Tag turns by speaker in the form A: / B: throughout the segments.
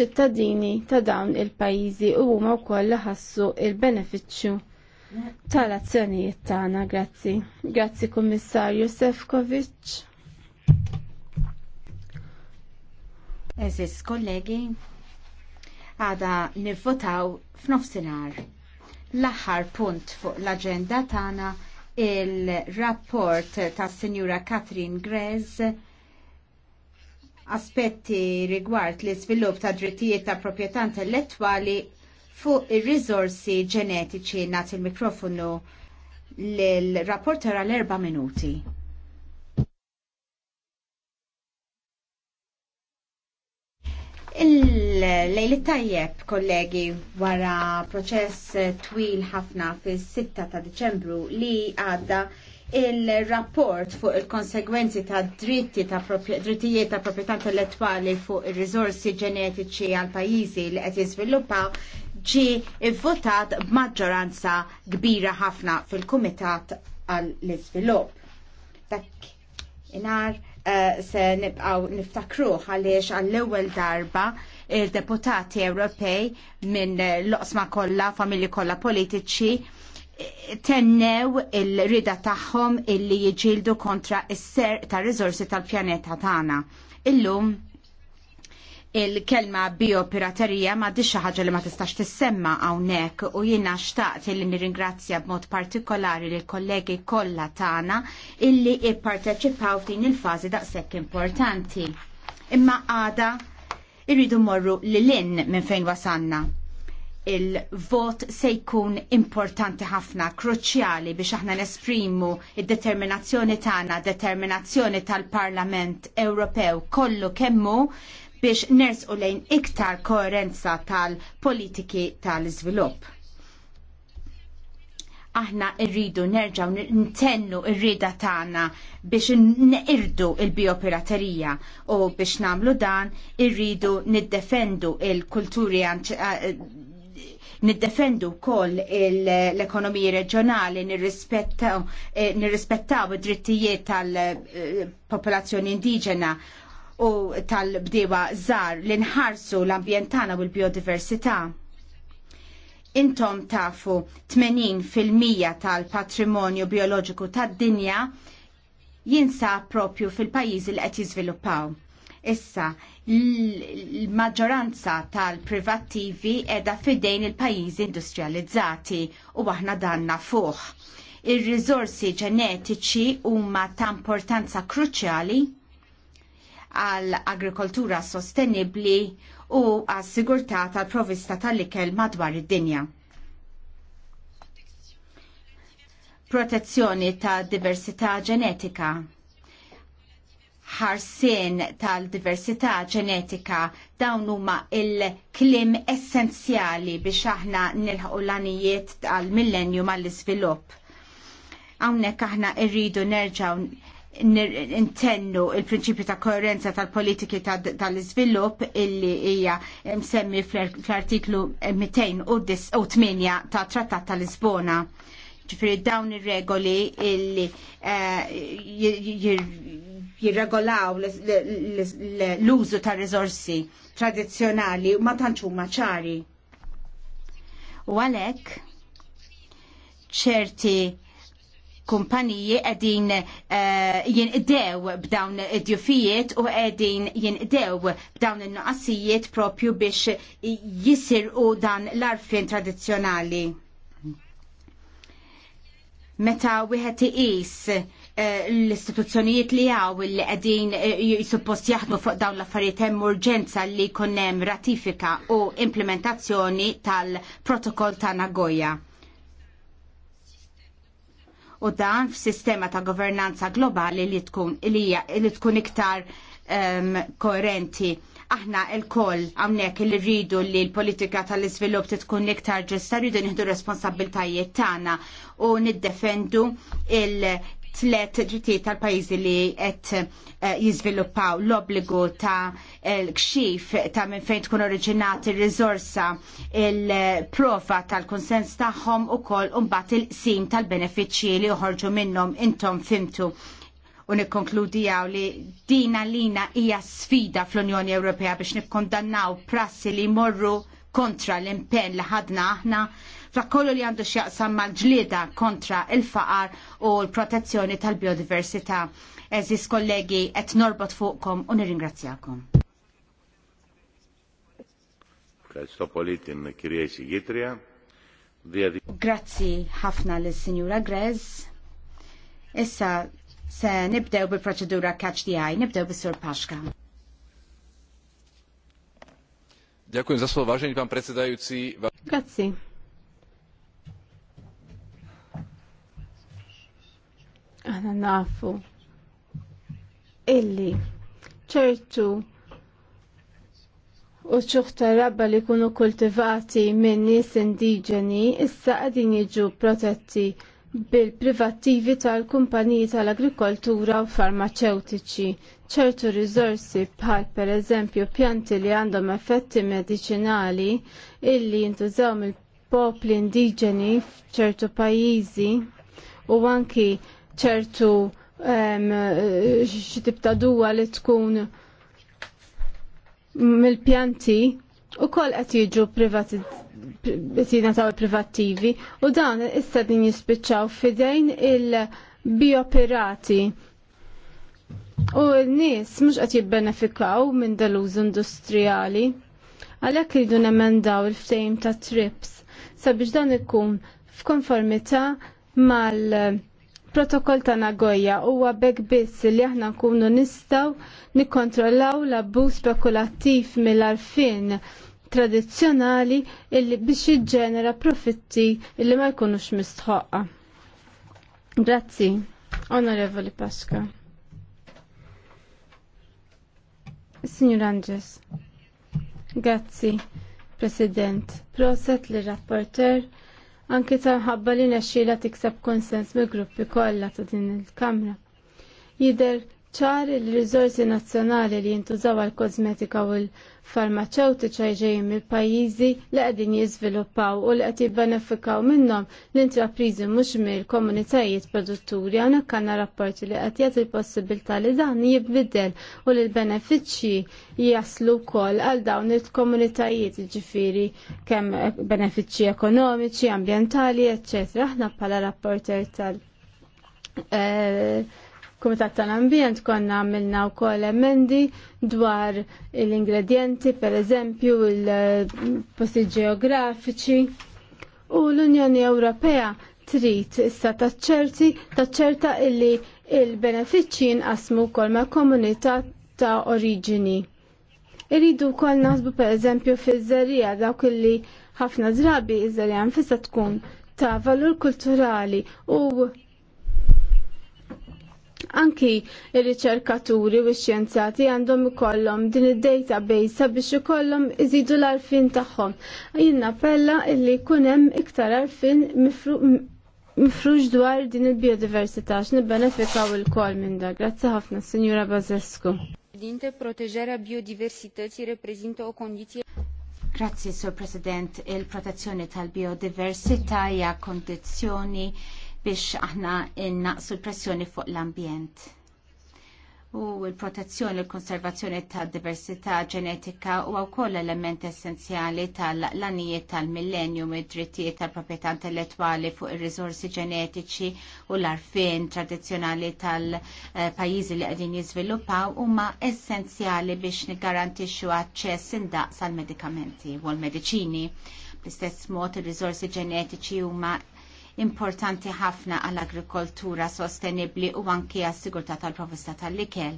A: ċittadini ta' dawn il-pajjiżi u huma wkoll ħassu il-benefiċċju tal-azzjonijiet tagħna. Grazzi. Grazzi Kummissarju Sefkovic.
B: Eżis kollegi, għada nivvotaw f'nofsinhar. L-aħħar punt fuq l-aġenda tagħna il-rapport tas Sinjura Katrin Grez aspetti rigward l iżvilupp ta' drittijiet ta' proprjetà intellettwali fuq ir-riżorsi ġenetiċi nagħti il mikrofonu l-rapporter għal erba' minuti. Il-lejli tajjeb, kollegi, wara proċess twil ħafna fis-6 ta' Deċembru li għadda il-rapport fuq il-konsegwenzi ta' dritti ta' drittijiet ta' proprjetà intellettwali fuq ir-riżorsi ġenetiċi għal pajjiżi li qed jiżviluppaw ġi vvutat b'maġġoranza kbira ħafna fil-Kumitat għall-Iżvilupp. Dak inar uh, se nibqgħu niftakruh għaliex għall-ewwel darba il-deputati Ewropej minn l-oqsma kollha, familji kollha politiċi tennew il-rida tagħhom illi jġildu kontra s ser ta' rizorsi tal-pjaneta tagħna. Illum il-kelma biopiraterija ma diċa ħaġa li ma tistax tissemma hawnhekk u jina xtaqt li nirringrazzja b'mod partikolari lil kollegi kollha tagħna illi ipparteċipaw f'din il-fażi daqshekk importanti. Imma għada irridu morru lil-in minn fejn wasanna il-vot se jkun importanti ħafna, kruċjali biex aħna nesprimu id-determinazzjoni tagħna, determinazzjoni tal-Parlament Ewropew kollu kemmu biex nersqu lejn iktar koerenza tal-politiki tal-iżvilupp. Aħna rridu nerġaw ntennu irrida tagħna biex nirdu il-biopiraterija u biex namlu dan irridu niddefendu il-kulturi eh, niddefendu wkoll l-ekonomiji reġjonali, nirrispettaw eh, id-drittijiet tal-popolazzjoni eh, indiġena u tal-bdewa żgħar li nħarsu l-ambjentana u l-biodiversità intom tafu 80% tal-patrimonju bioloġiku tad-dinja jinsab propju fil-pajjiżi li qed jiżviluppaw. Issa, l-maġġoranza tal-privattivi edha fidejn il-pajjiżi industrializzati u aħna danna fuħ. Ir-riżorsi ġenetiċi huma ta' importanza kruċjali għal agrikoltura sostenibli u għas sigurtà tal-provista tal-ikel madwar id-dinja. Protezzjoni ta' diversità ġenetika ħarsien tal-diversità ġenetika dawn huma il-klim essenzjali biex aħna nilħu l-anijiet tal-millenju mal-iżvilupp. Hawnhekk aħna rridu nerġgħu intennu il-prinċipju ta' koerenza tal-politiki tal-iżvilupp illi hija msemmi fl-artiklu 208 ta' Trattat tal-Lisbona ċifri dawn ir-regoli illi jirregolaw l-użu ta' rizorsi tradizjonali u ma tantx huma ċari. U għalhekk ċerti kumpaniji qegħdin uh, jinqdew b'dawn id-djufijiet u qegħdin jinqdew b'dawn in noqassijiet propju biex u dan l-arfin tradizzjonali. Meta wieħed iqis Eh, l-istituzzjonijiet li għaw li għedin eh, suppost jaħdmu fuq dawn l-affarijiet hemm urġenza li hemm ratifika u implementazzjoni tal-protokoll ta' Nagoya. U dan f'sistema ta' governanza globali li tkun, li tkun iktar ehm, koerenti aħna il-koll għamnek li rridu li l-politika tal-izvilup tkun iktar ġesta rridu nieħdu responsabiltajiet tagħna u niddefendu tlet ġiti tal-pajizi li qed eh, jizviluppaw l-obbligu ta' kxif ta' minn fejn tkun oriġinati il rizorsa il-prova tal-konsens tagħhom ukoll mbagħad il-qsim tal-benefiċċji li joħorġu minnhom intom fimtu u nikkonkludijaw li dina lina hija sfida fl-Unjoni Ewropea biex nikkondannaw prassi li morru kontra l-impenn li ħadna aħna Fra kollu li għandu xjaqsam mal-ġlieda kontra il-faqar u l-protezzjoni tal-biodiversità. Eżis kollegi, et norbot fuqkom u nirringrazzjakom. Grazzi ħafna l-Sinjura Grez. Issa Se nibdew bil-proċedura catch the eye, nibdew bil sur Paxka. Dziękuję za słowa, pan Grazie.
A: Aħna nafu illi ċertu u ċuħta rabba li kunu kultivati minn nis indiġeni issa qegħdin jiġu protetti bil-privattivi tal-kumpaniji tal-agrikoltura u farmaceutiċi. ċertu rizorsi bħal pereżempju pjanti li għandhom effetti medicinali illi jintużaw mill-popli indiġeni f'ċertu pajjiżi u anki ċertu xi ta' duwa li tkun mill-pjanti u koll qed jiġu privattivi u dan issa din jispiċċaw fidejn il-bioperati. U n-nies mhux qed jibbenefikaw minn dal-użu industrijali. Għalhekk iridu nemendaw il-ftehim ta' trips sabiex dan ikun f'konformità mal- protokoll ta' Nagoya huwa bekk biss li aħna nkunu nistgħu nikkontrollaw l-abbuż spekulattiv mill-arfin tradizzjonali illi biex jiġġenera profitti illi ma jkunux mistħoqqa. Grazzi, Onorevoli Pasqua. Signor Anges, grazzi, President, proset li rapporter anki taħabba li nexxila tikseb konsens mill-gruppi kollha ta' din il-Kamra. Jider ċar il-rizorsi nazzjonali li jintużaw għal kozmetika u l-farmaceutiċa ġejjin mill pajjiżi li qegħdin jiżviluppaw u li qed jibbenefikaw minnhom l-intrapriżi mhux mill-komunitajiet produtturi għandek kanna rapporti li qed jagħti l-possibilità li dan jibbidel u li l-benefiċċji jaslu wkoll għal dawn il-komunitajiet ġifieri kemm benefiċċji ekonomiċi, ambjentali, eċċetera. Aħna bħala rapporter tal- eh, Kumitat tal-Ambjent konna għamilna u koll emendi dwar l-ingredienti, per eżempju, il-posti geografiċi U l-Unjoni Ewropea trid issa taċċerti taċċerta illi il-benefiċċji nqasmu wkoll ma' komunità ta' oriġini. Iridu wkoll naħsbu pereżempju fiż-żerija dawk illi ħafna drabi iż-żerija nfisha tkun ta' valur kulturali u Anki il riċerkaturi u x-xjenzati għandhom ikollhom din id-database sabiex ikollhom iżidu l-arfin tagħhom. Jien pella illi jkun hemm iktar arfin mifrux dwar din il-biodiversità x'nibbenefikaw il-kol minn dak. Grazzi ħafna, Sinjura
B: Bazescu. Dinte proteġera biodiversitati reprezinta o kondizje Grazzi, Sur President. Il-protezzjoni tal-biodiversità hija kondizzjoni biex aħna innaqsu l-pressjoni fuq l-ambjent. U l-protezzjoni u l-konservazzjoni ta' diversità ġenetika u wkoll element essenzjali tal-lanijiet tal-millennium id-drittijiet tal-proprjetà intellettwali fuq ir-riżorsi ġenetiċi u l-arfin tradizzjonali tal-pajjiżi li qegħdin jiżviluppaw huma essenzjali biex niggarantixxu aċċess indaqs għal medikamenti u l-mediċini. Bl-istess mod ir-riżorsi ġenetiċi huma importanti ħafna għall-agrikoltura sostenibli u anki għas-sigurtà tal-provista tal-ikel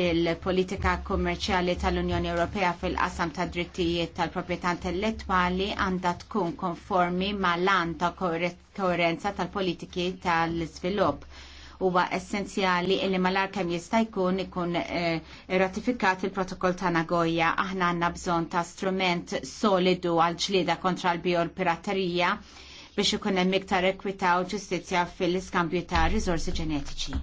B: il-politika kummerċjali tal-Unjoni Ewropea fil-qasam ta' drittijiet tal-proprjetà intellettwali għandha tkun konformi ma' lan ta' koerenza tal-politiki tal-iżvilupp. Huwa essenzjali li malar kemm jista' jkun ikun eh, ratifikat il-protokoll ta' Nagoya aħna għandna bżonn ta' strument solidu għal ġlieda kontra l piraterija biex ikun hemm iktar ekwità u ġustizzja fil-iskambju ta' riżorsi ġenetiċi.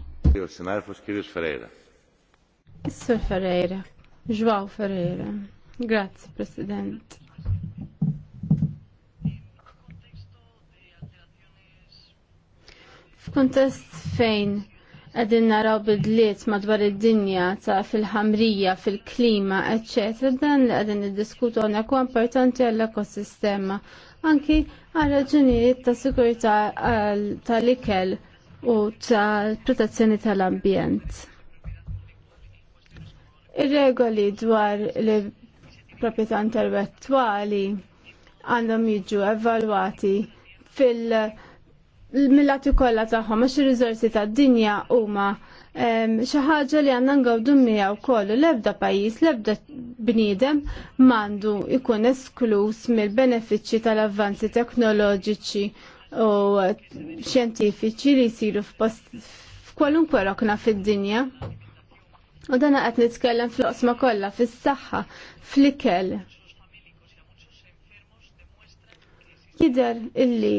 B: Is-Sur Ferreira, Joao Ferreira. Grazzi,
A: President. F'kuntest fejn għedin naraw bidliet madwar id-dinja ta' fil-ħamrija, fil-klima, etc. Dan li għedin id-diskutu għana ku importanti għall-ekosistema, anki għal raġunijiet ta' sigurta tal-ikel u ta' protezzjoni tal-ambjent. Ir-regoli dwar li proprjetà intellettuali għandhom jiġu evalwati fil- mill millati kollha tagħhom għax rizorsi ta' tad-dinja huma xi ħaġa li għandna ngawdu mija u l-ebda pajjiż, l-ebda bniedem m'għandu jkun esklus mill-benefiċċji tal-avvanzi teknoloġiċi u xjentifiċi li jsiru f'post f'kwalunkwe rokna fid-dinja. U dana qed nitkellem fl-oqsma kollha fis-saħħa, fl-ikel. Jidher illi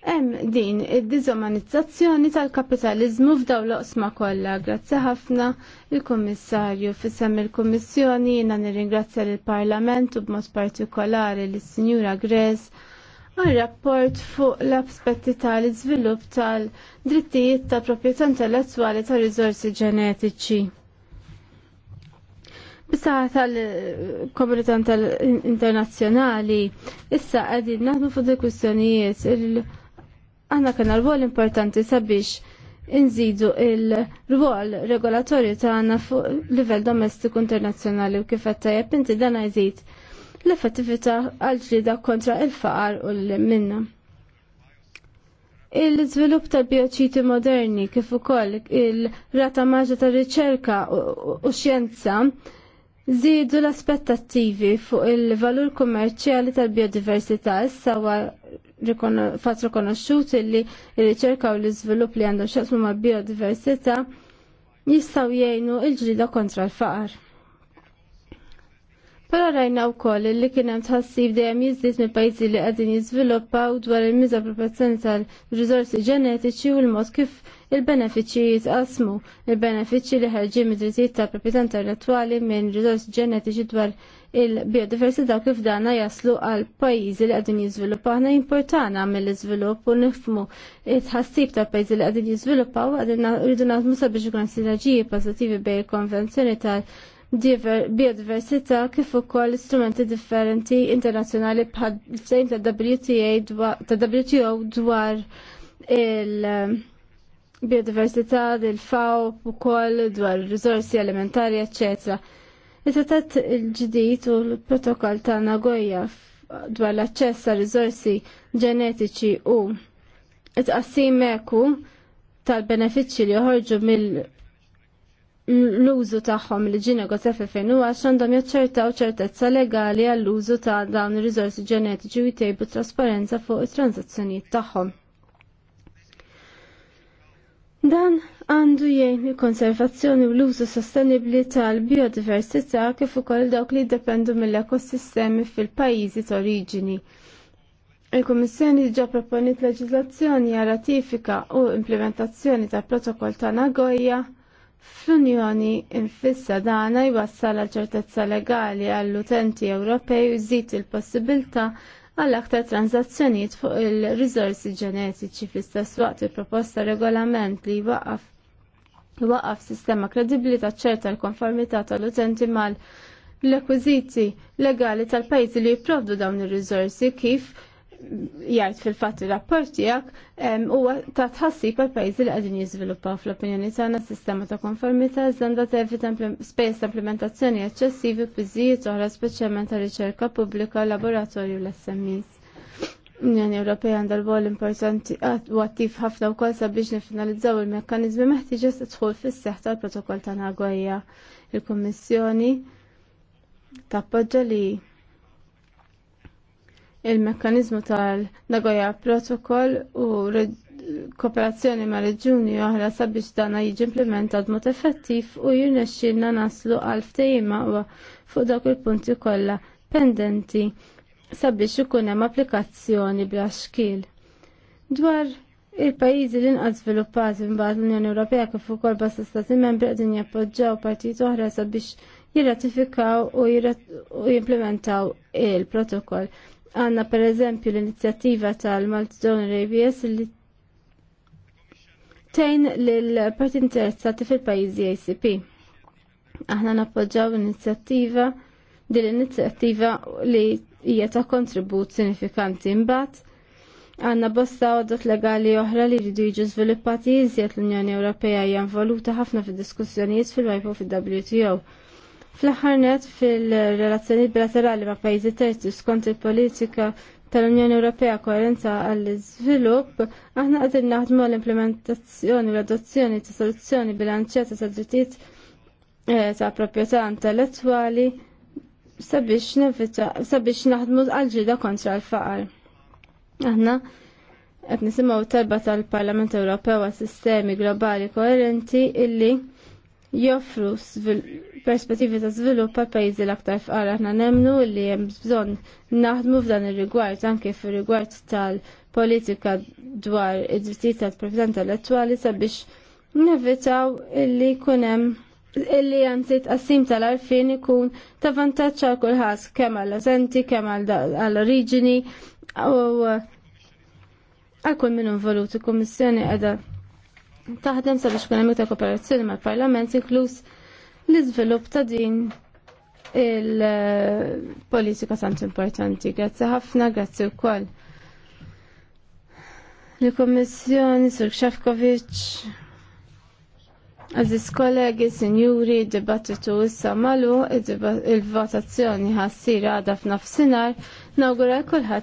A: Hemm din id-diżumanizzazzjoni tal-kapitalizmu f'daw l-oqsma kollha. Grazzi ħafna il-Kummissarju fissem il-Kummissjoni jiena nirringrazzja lill parlament u b'mod partikolari lis signura Grez għal rapport fuq l-aspetti tal-iżvilupp tal-drittijiet ta' proprjetà intellettwali ta' rizorsi ġenetiċi. Issa tal-komunità internazzjonali, issa għedin naħdmu fuq il-kwistjonijiet il-, -kwistjonijiet, il kwistjonijiet Aħna kena l-wol importanti sabiex inżidu il-rwol regolatorju għanna fuq livell domestiku internazzjonali u kif ta' tajjeb inti dan jżid l-effettività għal-ġlida kontra il-faqar u l-minna. il zvilup tal-bioċiti moderni kif ukoll il-rata maġa ta' riċerka u xjenza Zidu l-aspettattivi fuq il-valur kummerċjali tal-biodiversità issa fatt rikonoxxut li r-riċerka u l-iżvilupp li għandhom xaqsmu ma' biodiversità jistgħu jgħinu l-ġrida kontra l-faqar. Pero rajna u koll li kienem tħassib dejjem jizdit mill pajzi li għadin u dwar il-miża proporzjoni tal-rizorsi ġenetiċi u l-mod kif il-benefiċi jitqasmu, il-benefiċi li ħarġin mid-drittijiet tal proprjetà intellettwali minn rizorsi ġenetiċi dwar il-biodiversità kif dana jaslu għal pajjiżi li qegħdin jiżviluppaw aħna importana mill-iżvilupp u nifmu it-ħassib tal pajjiżi li qegħdin jiżviluppaw għadin rridu nagħmlu sabiex ikun sinerġiji pożittivi bejn il-konvenzjoni tal biodiversità kif ukoll istrumenti differenti internazzjonali bħal sejn ta' WTO dwar il- biodiversità, il faw ukoll dwar risorsi alimentari, eccetera Il-trattat il-ġdid u l-protokoll ta' Nagoya dwar l-aċċess ta' riżorsi ġenetiċi u it-qassim eku tal-benefiċċji li joħorġu mill l-użu tagħhom li ġie negozjat huwa 2010 għandhom jaċċertaw ċertezza legali għall-użu ta' dawn ir-riżorsi ġenetiċi u jtejbu trasparenza fuq it-transazzjonijiet tagħhom. Dan għandu jgħin il-konservazzjoni u l-użu sostenibli tal-biodiversità kif ukoll dawk li jiddependu mill-ekosistemi fil-pajjiżi t-oriġini. Il-Kummissjoni ġa proponit leġislazzjoni għal ratifika u implementazzjoni tal-Protokoll ta' Nagoya fl-Unjoni infissa dana jwassal għal ċertezza legali għall-utenti Ewropej u żid il possibilità għall aktar tranzazzjonijiet fuq il-rizorsi ġenetiċi fl-istess waqt il-proposta regolament li waqaf waqaf sistema kredibbli ta' ċerta l-konformità tal-utenti mal rekwiziti legali tal-pajzi li jipprovdu dawn ir rizorsi kif jgħid fil fatti ir-rapport tiegħek huwa ta' tħassib għal pajjiżi li qegħdin jiżviluppaw fl-opinjoni tagħna sistema ta' konformità iżda tevita spejjeż ta' implementazzjoni eċċessivi f'biżijiet oħra speċjalment ta' riċerka pubblika, laboratorju u l-SMEs l-Unjoni Ewropea għandha l bol importanti ah, u attiv ħafna wkoll sabiex nifinalizzaw il-mekkaniżmi meħtieġa tidħol fis-seħħ tal-protokoll ta' Nagoya. Il-Kummissjoni tappoġġa li il-mekkanizmu tal-Nagoya protokoll u kooperazzjoni ma' reġuni oħra sabiex dana jiġi implementat mod effettiv u jirnexxilna naslu għal ftehim fuq dawk il-punti kollha pendenti sabiex ikun hemm applikazzjoni bla xkil. Dwar il-pajjiżi li inqas żviluppati mbagħad l-Unjoni Ewropea kif ukoll bosta stati membri qegħdin jappoġġjaw partit oħra sabiex jirratifikaw u jimplementaw il-protokoll. Għanna per eżempju l-inizjattiva tal-Multidonor ABS li tejn l-parti interessati fil-pajizi ACP. Aħna nappoġġaw l-inizjattiva din l-inizjattiva li hija ta' kontribut sinifikanti imbagħad Għanna bosta għodot legali oħra li rridu jiġu sviluppati iżjed l-Unjoni Ewropea hija involuta ħafna fid-diskussjonijiet fil-WIPO fil-WTO. Fl-aħħar fil-relazzjonijiet bilaterali ma' pajjiżi terzi skont il-politika tal-Unjoni Ewropea koerenza għall-iżvilupp, aħna qegħdin naħdmu l-implementazzjoni u l-adozzjoni ta' soluzzjoni bilanċjata ta' drittijiet eh, ta' proprjetà intellettwali sabiex nevita, sabiex naħdmu għal-ġida kontra l-faqar. Aħna, għet nisimaw talba tal-Parlament Ewropew għal sistemi globali koerenti illi joffru perspettivi ta' svilupp għal pajjiżi l-aktar fqar aħna nemnu illi hemm bżonn naħdmu f'dan ir-rigward anke fir-rigward tal-politika dwar id-drittijiet tal-proprjetà intellettwali sabiex nevitaw illi kunem hemm illi għanzi tqassim tal-arfin ikun ta' vantaġġ għal kulħadd kemm għall-azenti, kemm għall origini u uh, għal kull minn involut il-Kummissjoni qiegħda taħdem sabiex kun hemm iktar kooperazzjoni mal-Parlament inkluż l-iżvilupp ta' din il-politika tant importanti. Grazzi ħafna, grazzi wkoll. L-Kommissjoni, Sur Kxafkovic, Aziz kollegi, sinjuri, dibattitu issa malu, il-votazzjoni ħassira għada f'nafsinar, nawgura kulħadd